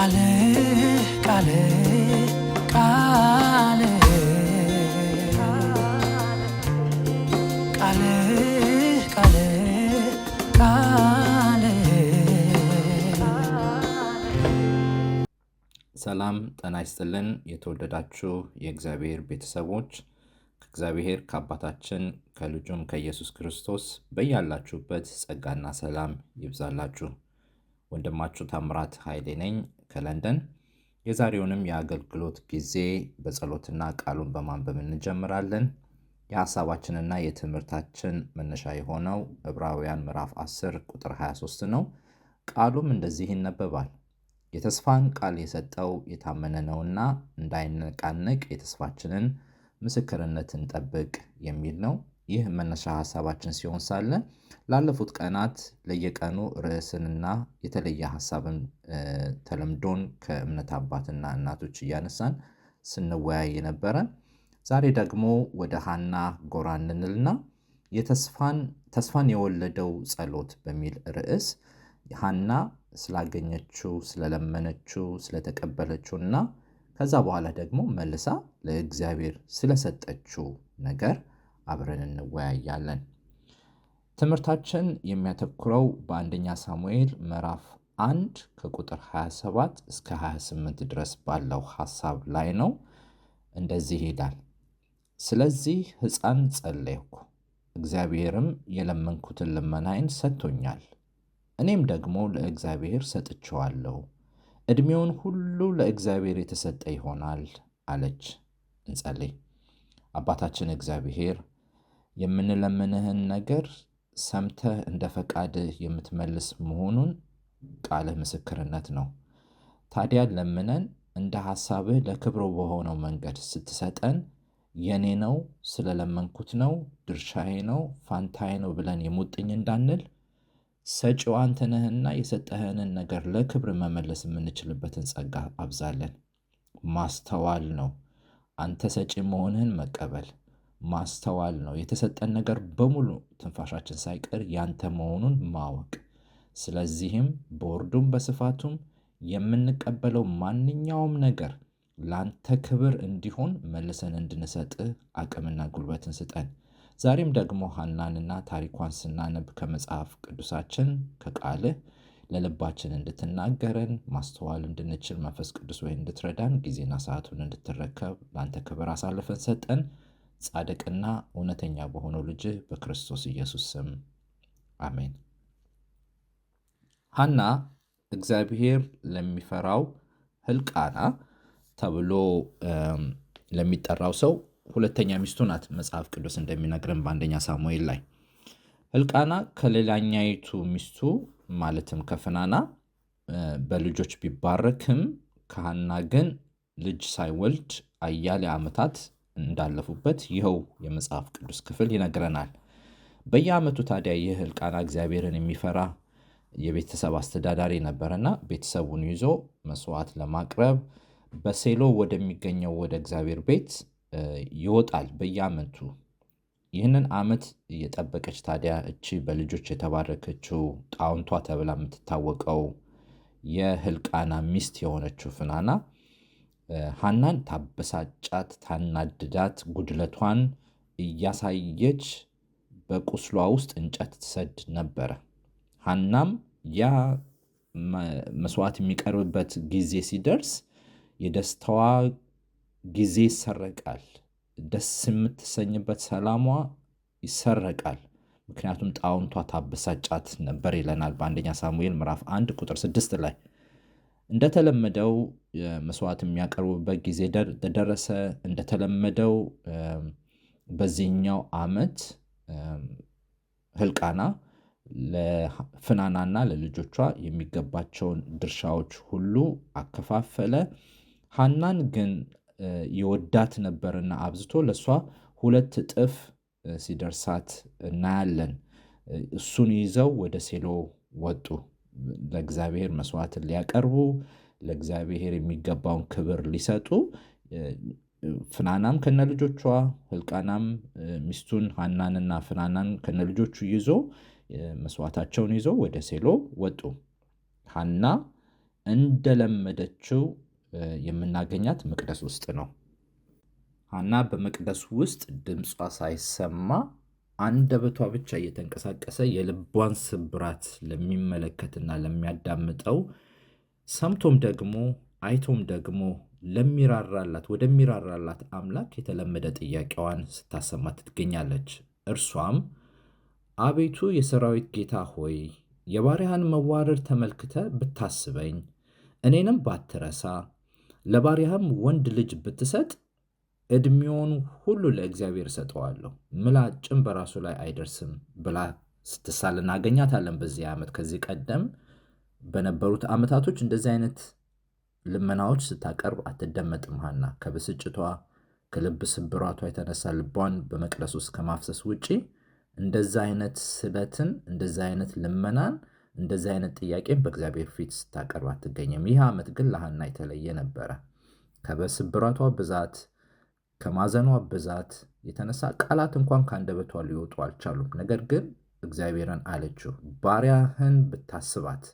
ቃል ሰላም ጠና ይስጥልን። የተወደዳችሁ የእግዚአብሔር ቤተሰቦች ከእግዚአብሔር ከአባታችን ከልጁም ከኢየሱስ ክርስቶስ በያላችሁበት ጸጋና ሰላም ይብዛላችሁ። ወንድማችሁ ታምራት ኃይሌ ነኝ። ከለንደን የዛሬውንም የአገልግሎት ጊዜ በጸሎትና ቃሉን በማንበብ እንጀምራለን። የሐሳባችንና የትምህርታችን መነሻ የሆነው ዕብራውያን ምዕራፍ 10 ቁጥር 23 ነው። ቃሉም እንደዚህ ይነበባል። የተስፋን ቃል የሰጠው የታመነ ነውና እንዳይነቃነቅ የተስፋችንን ምስክርነት እንጠብቅ የሚል ነው። ይህ መነሻ ሀሳባችን ሲሆን ሳለ ላለፉት ቀናት ለየቀኑ ርዕስንና የተለየ ሀሳብን ተለምዶን ከእምነት አባትና እናቶች እያነሳን ስንወያይ ነበረ። ዛሬ ደግሞ ወደ ሀና ጎራ እንልና ተስፋን የወለደው ጸሎት በሚል ርዕስ ሀና ስላገኘችው ስለለመነችው ስለተቀበለችው እና ከዛ በኋላ ደግሞ መልሳ ለእግዚአብሔር ስለሰጠችው ነገር አብረን እንወያያለን። ትምህርታችን የሚያተኩረው በአንደኛ ሳሙኤል ምዕራፍ አንድ ከቁጥር 27 እስከ 28 ድረስ ባለው ሐሳብ ላይ ነው። እንደዚህ ይላል። ስለዚህ ሕፃን ጸለይኩ፣ እግዚአብሔርም የለመንኩትን ልመናዬን ሰጥቶኛል። እኔም ደግሞ ለእግዚአብሔር ሰጥቼዋለሁ። ዕድሜውን ሁሉ ለእግዚአብሔር የተሰጠ ይሆናል አለች። እንጸልይ። አባታችን እግዚአብሔር የምንለምንህን ነገር ሰምተህ እንደ ፈቃድህ የምትመልስ መሆኑን ቃልህ ምስክርነት ነው። ታዲያ ለምነን እንደ ሐሳብህ ለክብሩ በሆነው መንገድ ስትሰጠን የኔ ነው፣ ስለለመንኩት ነው፣ ድርሻዬ ነው፣ ፋንታዬ ነው ብለን የሙጥኝ እንዳንል ሰጪው አንተ ነህና የሰጠህንን ነገር ለክብር መመለስ የምንችልበትን ጸጋ አብዛለን። ማስተዋል ነው አንተ ሰጪ መሆንህን መቀበል ማስተዋል ነው። የተሰጠን ነገር በሙሉ ትንፋሻችን ሳይቀር ያንተ መሆኑን ማወቅ። ስለዚህም በወርዱም በስፋቱም የምንቀበለው ማንኛውም ነገር ላንተ ክብር እንዲሆን መልሰን እንድንሰጥህ አቅምና ጉልበትን ስጠን። ዛሬም ደግሞ ሐናንና ታሪኳን ስናነብ ከመጽሐፍ ቅዱሳችን ከቃልህ ለልባችን እንድትናገረን ማስተዋል እንድንችል መንፈስ ቅዱስ ወይ እንድትረዳን ጊዜና ሰዓቱን እንድትረከብ ለአንተ ክብር አሳልፈን ሰጠን። ጻድቅና እውነተኛ በሆነው ልጅ በክርስቶስ ኢየሱስ ስም አሜን። ሐና እግዚአብሔር ለሚፈራው ህልቃና ተብሎ ለሚጠራው ሰው ሁለተኛ ሚስቱ ናት። መጽሐፍ ቅዱስ እንደሚነግርን በአንደኛ ሳሙኤል ላይ ህልቃና ከሌላኛይቱ ሚስቱ ማለትም ከፍናና በልጆች ቢባረክም ከሐና ግን ልጅ ሳይወልድ አያሌ ዓመታት እንዳለፉበት ይኸው የመጽሐፍ ቅዱስ ክፍል ይነግረናል። በየዓመቱ ታዲያ ይህ ሕልቃና እግዚአብሔርን የሚፈራ የቤተሰብ አስተዳዳሪ ነበረና ቤተሰቡን ይዞ መስዋዕት ለማቅረብ በሴሎ ወደሚገኘው ወደ እግዚአብሔር ቤት ይወጣል በየዓመቱ። ይህንን ዓመት የጠበቀች ታዲያ እቺ በልጆች የተባረከችው ጣውንቷ ተብላ የምትታወቀው የሕልቃና ሚስት የሆነችው ፍናና ሀናን ታበሳጫት፣ ታናድዳት፣ ጉድለቷን እያሳየች በቁስሏ ውስጥ እንጨት ትሰድ ነበረ። ሀናም ያ መስዋዕት የሚቀርብበት ጊዜ ሲደርስ የደስታዋ ጊዜ ይሰረቃል። ደስ የምትሰኝበት ሰላሟ ይሰረቃል። ምክንያቱም ጣውንቷ ታበሳጫት ነበር ይለናል በአንደኛ ሳሙኤል ምዕራፍ አንድ ቁጥር ስድስት ላይ እንደተለመደው መስዋዕት የሚያቀርቡበት ጊዜ ደረሰ። እንደተለመደው በዚህኛው ዓመት ህልቃና ለፍናናና ለልጆቿ የሚገባቸውን ድርሻዎች ሁሉ አከፋፈለ። ሀናን ግን የወዳት ነበርና አብዝቶ ለእሷ ሁለት እጥፍ ሲደርሳት እናያለን። እሱን ይዘው ወደ ሴሎ ወጡ። ለእግዚአብሔር መስዋዕትን ሊያቀርቡ ለእግዚአብሔር የሚገባውን ክብር ሊሰጡ ፍናናም ከነልጆቿ ህልቃናም ሚስቱን ሀናንና ፍናናን ከነልጆቹ ይዞ መስዋዕታቸውን ይዞ ወደ ሴሎ ወጡ። ሀና እንደለመደችው የምናገኛት መቅደስ ውስጥ ነው። ሀና በመቅደስ ውስጥ ድምጿ ሳይሰማ አንደበቷ ብቻ እየተንቀሳቀሰ የልቧን ስብራት ለሚመለከትና ለሚያዳምጠው ሰምቶም ደግሞ አይቶም ደግሞ ለሚራራላት ወደሚራራላት አምላክ የተለመደ ጥያቄዋን ስታሰማ ትገኛለች። እርሷም አቤቱ የሰራዊት ጌታ ሆይ የባሪያህን መዋረድ ተመልክተ ብታስበኝ እኔንም ባትረሳ ለባሪያህም ወንድ ልጅ ብትሰጥ ዕድሜውን ሁሉ ለእግዚአብሔር እሰጠዋለሁ፣ ምላጭም በራሱ ላይ አይደርስም ብላ ስትሳል እናገኛታለን። በዚህ ዓመት ከዚህ ቀደም በነበሩት ዓመታቶች እንደዚህ አይነት ልመናዎች ስታቀርብ አትደመጥም። ሀና ከብስጭቷ ከልብ ስብራቷ የተነሳ ልቧን በመቅደስ ውስጥ ከማፍሰስ ውጪ እንደዚ አይነት ስለትን፣ እንደዛ አይነት ልመናን፣ እንደዛ አይነት ጥያቄን በእግዚአብሔር ፊት ስታቀርብ አትገኝም። ይህ ዓመት ግን ለሀና የተለየ ነበረ። ከበስብራቷ ብዛት፣ ከማዘኗ ብዛት የተነሳ ቃላት እንኳን ከአንደበቷ ሊወጡ አልቻሉም። ነገር ግን እግዚአብሔርን አለችው ባሪያህን ብታስባት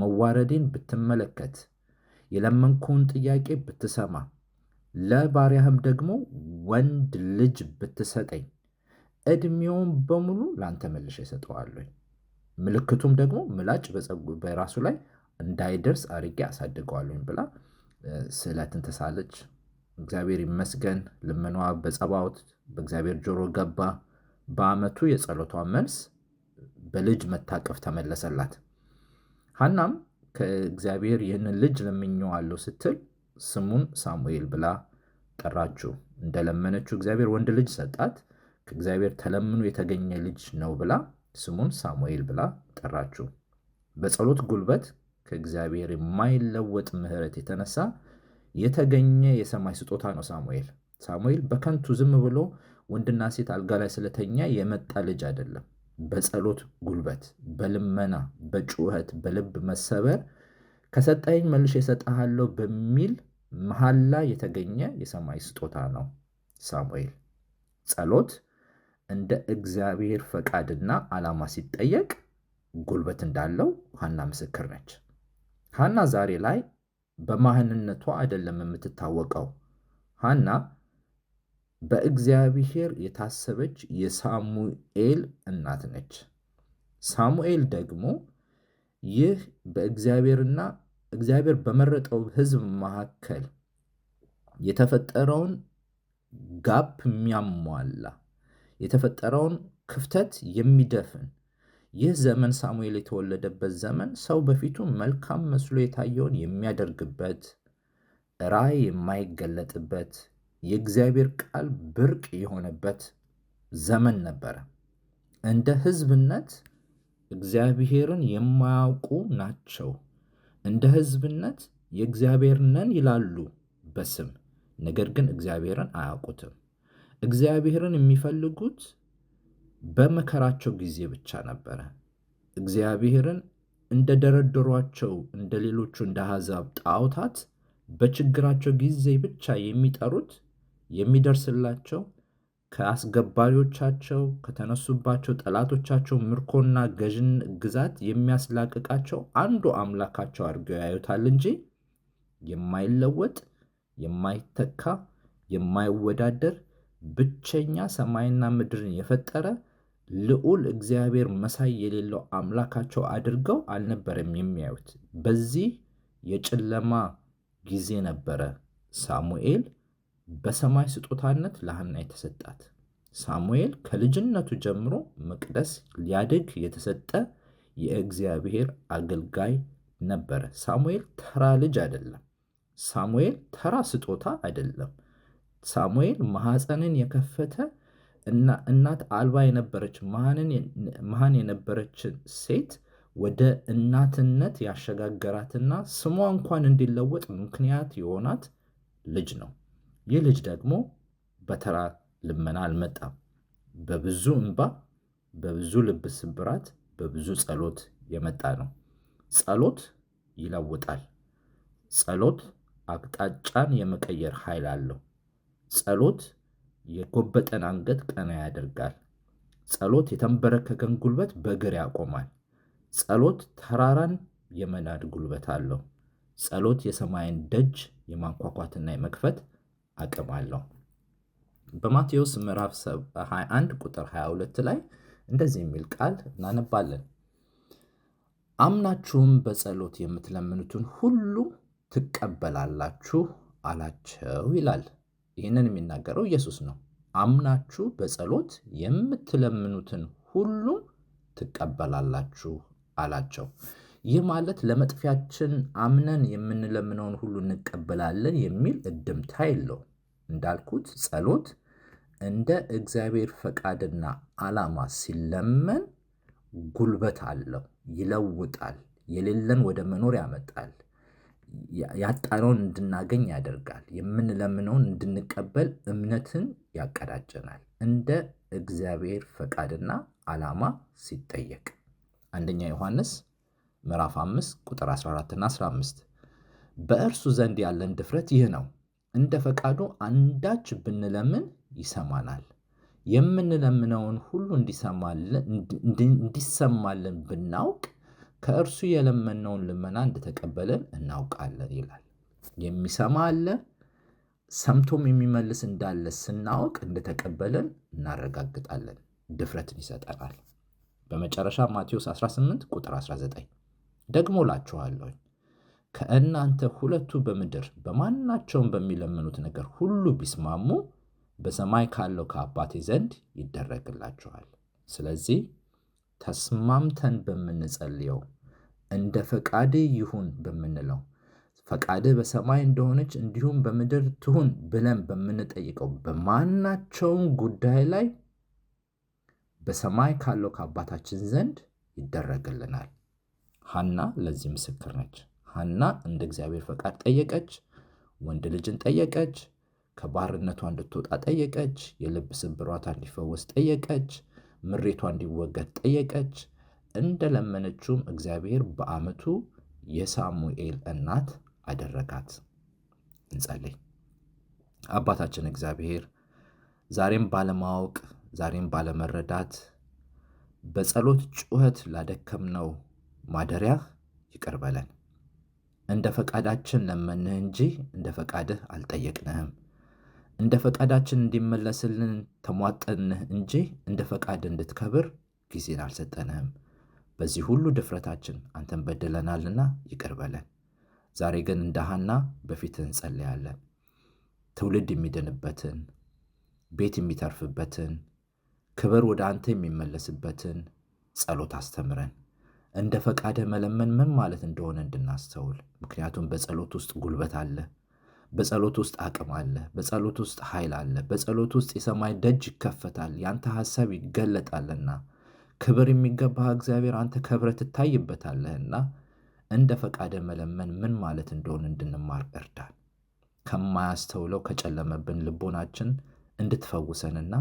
መዋረዴን ብትመለከት፣ የለመንኩህን ጥያቄ ብትሰማ፣ ለባሪያህም ደግሞ ወንድ ልጅ ብትሰጠኝ ዕድሜውን በሙሉ ለአንተ መልሼ እሰጠዋለሁኝ። ምልክቱም ደግሞ ምላጭ በራሱ ላይ እንዳይደርስ አድርጌ አሳድገዋለሁኝ ብላ ስዕለትን ተሳለች። እግዚአብሔር ይመስገን። ልመኗ በጸባዖት በእግዚአብሔር ጆሮ ገባ። በዓመቱ የጸሎቷ መልስ በልጅ መታቀፍ ተመለሰላት። ሐናም ከእግዚአብሔር ይህንን ልጅ ለምኜዋለሁ ስትል ስሙን ሳሙኤል ብላ ጠራችው። እንደለመነችው እግዚአብሔር ወንድ ልጅ ሰጣት። ከእግዚአብሔር ተለምኖ የተገኘ ልጅ ነው ብላ ስሙን ሳሙኤል ብላ ጠራችው። በጸሎት ጉልበት ከእግዚአብሔር የማይለወጥ ምሕረት የተነሳ የተገኘ የሰማይ ስጦታ ነው ሳሙኤል። ሳሙኤል በከንቱ ዝም ብሎ ወንድና ሴት አልጋ ላይ ስለተኛ የመጣ ልጅ አይደለም። በጸሎት ጉልበት፣ በልመና፣ በጩኸት፣ በልብ መሰበር ከሰጠኝ መልሼ እሰጥሃለሁ በሚል መሐላ የተገኘ የሰማይ ስጦታ ነው። ሳሙኤል ጸሎት እንደ እግዚአብሔር ፈቃድና ዓላማ ሲጠየቅ ጉልበት እንዳለው ሐና ምስክር ነች። ሐና ዛሬ ላይ በማህንነቷ አይደለም የምትታወቀው። ሐና በእግዚአብሔር የታሰበች የሳሙኤል እናት ነች። ሳሙኤል ደግሞ ይህ በእግዚአብሔርና እግዚአብሔር በመረጠው ሕዝብ መካከል የተፈጠረውን ጋፕ የሚያሟላ የተፈጠረውን ክፍተት የሚደፍን ይህ ዘመን ሳሙኤል የተወለደበት ዘመን ሰው በፊቱ መልካም መስሎ የታየውን የሚያደርግበት ራእይ የማይገለጥበት የእግዚአብሔር ቃል ብርቅ የሆነበት ዘመን ነበረ። እንደ ህዝብነት እግዚአብሔርን የማያውቁ ናቸው። እንደ ህዝብነት የእግዚአብሔር ነን ይላሉ በስም ነገር ግን እግዚአብሔርን አያውቁትም። እግዚአብሔርን የሚፈልጉት በመከራቸው ጊዜ ብቻ ነበረ። እግዚአብሔርን እንደደረደሯቸው እንደ ሌሎቹ እንደ አሕዛብ ጣዖታት በችግራቸው ጊዜ ብቻ የሚጠሩት የሚደርስላቸው ከአስገባሪዎቻቸው ከተነሱባቸው ጠላቶቻቸው ምርኮና ገዥን ግዛት የሚያስላቅቃቸው አንዱ አምላካቸው አድርገው ያዩታል እንጂ የማይለወጥ የማይተካ የማይወዳደር ብቸኛ ሰማይና ምድርን የፈጠረ ልዑል እግዚአብሔር መሳይ የሌለው አምላካቸው አድርገው አልነበረም የሚያዩት። በዚህ የጨለማ ጊዜ ነበረ ሳሙኤል በሰማይ ስጦታነት ለሐና የተሰጣት ሳሙኤል ከልጅነቱ ጀምሮ መቅደስ ሊያድግ የተሰጠ የእግዚአብሔር አገልጋይ ነበረ። ሳሙኤል ተራ ልጅ አይደለም። ሳሙኤል ተራ ስጦታ አይደለም። ሳሙኤል ማኅፀንን የከፈተ እና እናት አልባ የነበረች መሃን የነበረችን ሴት ወደ እናትነት ያሸጋገራትና ስሟ እንኳን እንዲለወጥ ምክንያት የሆናት ልጅ ነው። ይህ ልጅ ደግሞ በተራ ልመና አልመጣም። በብዙ እንባ፣ በብዙ ልብ ስብራት፣ በብዙ ጸሎት የመጣ ነው። ጸሎት ይለውጣል። ጸሎት አቅጣጫን የመቀየር ኃይል አለው። ጸሎት የጎበጠን አንገት ቀና ያደርጋል። ጸሎት የተንበረከከን ጉልበት በእግር ያቆማል። ጸሎት ተራራን የመናድ ጉልበት አለው። ጸሎት የሰማይን ደጅ የማንኳኳትና የመክፈት አቅም አለው። በማቴዎስ ምዕራፍ 21 ቁጥር 22 ላይ እንደዚህ የሚል ቃል እናነባለን። አምናችሁም በጸሎት የምትለምኑትን ሁሉ ትቀበላላችሁ አላቸው ይላል። ይህንን የሚናገረው ኢየሱስ ነው። አምናችሁ በጸሎት የምትለምኑትን ሁሉ ትቀበላላችሁ አላቸው። ይህ ማለት ለመጥፊያችን አምነን የምንለምነውን ሁሉ እንቀበላለን የሚል እድምታ የለው። እንዳልኩት ጸሎት እንደ እግዚአብሔር ፈቃድና ዓላማ ሲለመን ጉልበት አለው፣ ይለውጣል፣ የሌለን ወደ መኖር ያመጣል፣ ያጣነውን እንድናገኝ ያደርጋል፣ የምንለምነውን እንድንቀበል እምነትን ያቀዳጀናል። እንደ እግዚአብሔር ፈቃድና ዓላማ ሲጠየቅ አንደኛ ዮሐንስ ምዕራፍ 5 ቁጥር 14 እና 15 በእርሱ ዘንድ ያለን ድፍረት ይህ ነው፣ እንደ ፈቃዱ አንዳች ብንለምን ይሰማናል። የምንለምነውን ሁሉ እንዲሰማልን ብናውቅ ከእርሱ የለመነውን ልመና እንደተቀበለን እናውቃለን ይላል። የሚሰማ አለ፣ ሰምቶም የሚመልስ እንዳለ ስናውቅ እንደተቀበለን እናረጋግጣለን። ድፍረትን ይሰጠናል። በመጨረሻ ማቴዎስ 18 ቁጥር 19 ደግሞ እላችኋለሁ ከእናንተ ሁለቱ በምድር በማናቸውም በሚለምኑት ነገር ሁሉ ቢስማሙ በሰማይ ካለው ከአባቴ ዘንድ ይደረግላችኋል። ስለዚህ ተስማምተን በምንጸልየው እንደ ፈቃድ ይሁን በምንለው ፈቃድ በሰማይ እንደሆነች እንዲሁም በምድር ትሁን ብለን በምንጠይቀው በማናቸውም ጉዳይ ላይ በሰማይ ካለው ከአባታችን ዘንድ ይደረግልናል። ሐና ለዚህ ምስክር ነች። ሐና እንደ እግዚአብሔር ፈቃድ ጠየቀች። ወንድ ልጅን ጠየቀች። ከባርነቷ እንድትወጣ ጠየቀች። የልብ ስብራቷ እንዲፈወስ ጠየቀች። ምሬቷ እንዲወገድ ጠየቀች። እንደ ለመነችውም እግዚአብሔር በዓመቱ የሳሙኤል እናት አደረጋት። እንጸልይ። አባታችን እግዚአብሔር ዛሬም ባለማወቅ ዛሬም ባለመረዳት በጸሎት ጩኸት ላደከምነው ማደሪያህ ይቅር በለን። እንደ ፈቃዳችን ለመንህ እንጂ እንደ ፈቃድህ አልጠየቅንህም። እንደ ፈቃዳችን እንዲመለስልን ተሟጠንህ እንጂ እንደ ፈቃድ እንድትከብር ጊዜን አልሰጠንህም። በዚህ ሁሉ ድፍረታችን አንተን በድለናልና ይቅር በለን። ዛሬ ግን እንደ ሐና በፊትህ እንጸለያለን። ትውልድ የሚድንበትን፣ ቤት የሚተርፍበትን፣ ክብር ወደ አንተ የሚመለስበትን ጸሎት አስተምረን። እንደ ፈቃደ መለመን ምን ማለት እንደሆነ እንድናስተውል። ምክንያቱም በጸሎት ውስጥ ጉልበት አለ። በጸሎት ውስጥ አቅም አለ። በጸሎት ውስጥ ኃይል አለ። በጸሎት ውስጥ የሰማይ ደጅ ይከፈታል። ያንተ ሐሳብ ይገለጣልና ክብር የሚገባህ እግዚአብሔር አንተ ከብረ ትታይበታለህና እንደ ፈቃደ መለመን ምን ማለት እንደሆነ እንድንማር እርዳን። ከማያስተውለው ከጨለመብን ልቦናችን እንድትፈውሰንና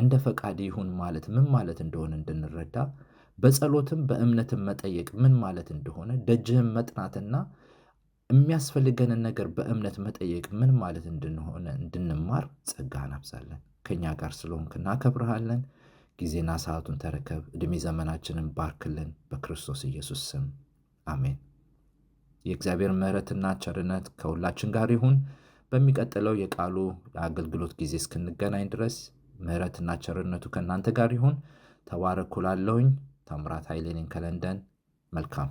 እንደ ፈቃድ ይሁን ማለት ምን ማለት እንደሆነ እንድንረዳ በጸሎትም በእምነትም መጠየቅ ምን ማለት እንደሆነ ደጅህን መጥናትና የሚያስፈልገንን ነገር በእምነት መጠየቅ ምን ማለት እንደሆነ እንድንማር ጸጋ አብዛለን። ከእኛ ጋር ስለሆንክ እናከብረሃለን። ጊዜና ሰዓቱን ተረከብ። ዕድሜ ዘመናችንን ባርክልን። በክርስቶስ ኢየሱስ ስም አሜን። የእግዚአብሔር ምሕረትና ቸርነት ከሁላችን ጋር ይሁን። በሚቀጥለው የቃሉ የአገልግሎት ጊዜ እስክንገናኝ ድረስ ምሕረትና ቸርነቱ ከእናንተ ጋር ይሁን። ተባረኩላለሁኝ። ታምራት ኃይሌ ነኝ ከለንደን። መልካም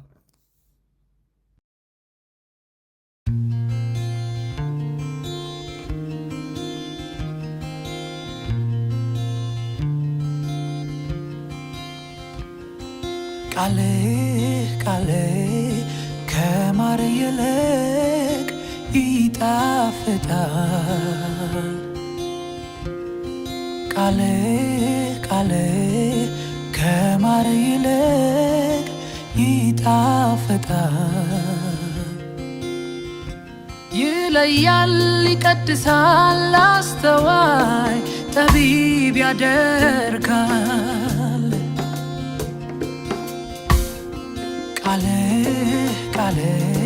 ቃሌ ቃሌ ከማር ይልቅ ይጣፍጣል ቃሌ ቃሌ ይልቅ ይጣፈጣል፣ ይለያል፣ ይቀድሳል፣ አስተዋይ ጠቢብ ያደርጋል። ቃልህ ቃልህ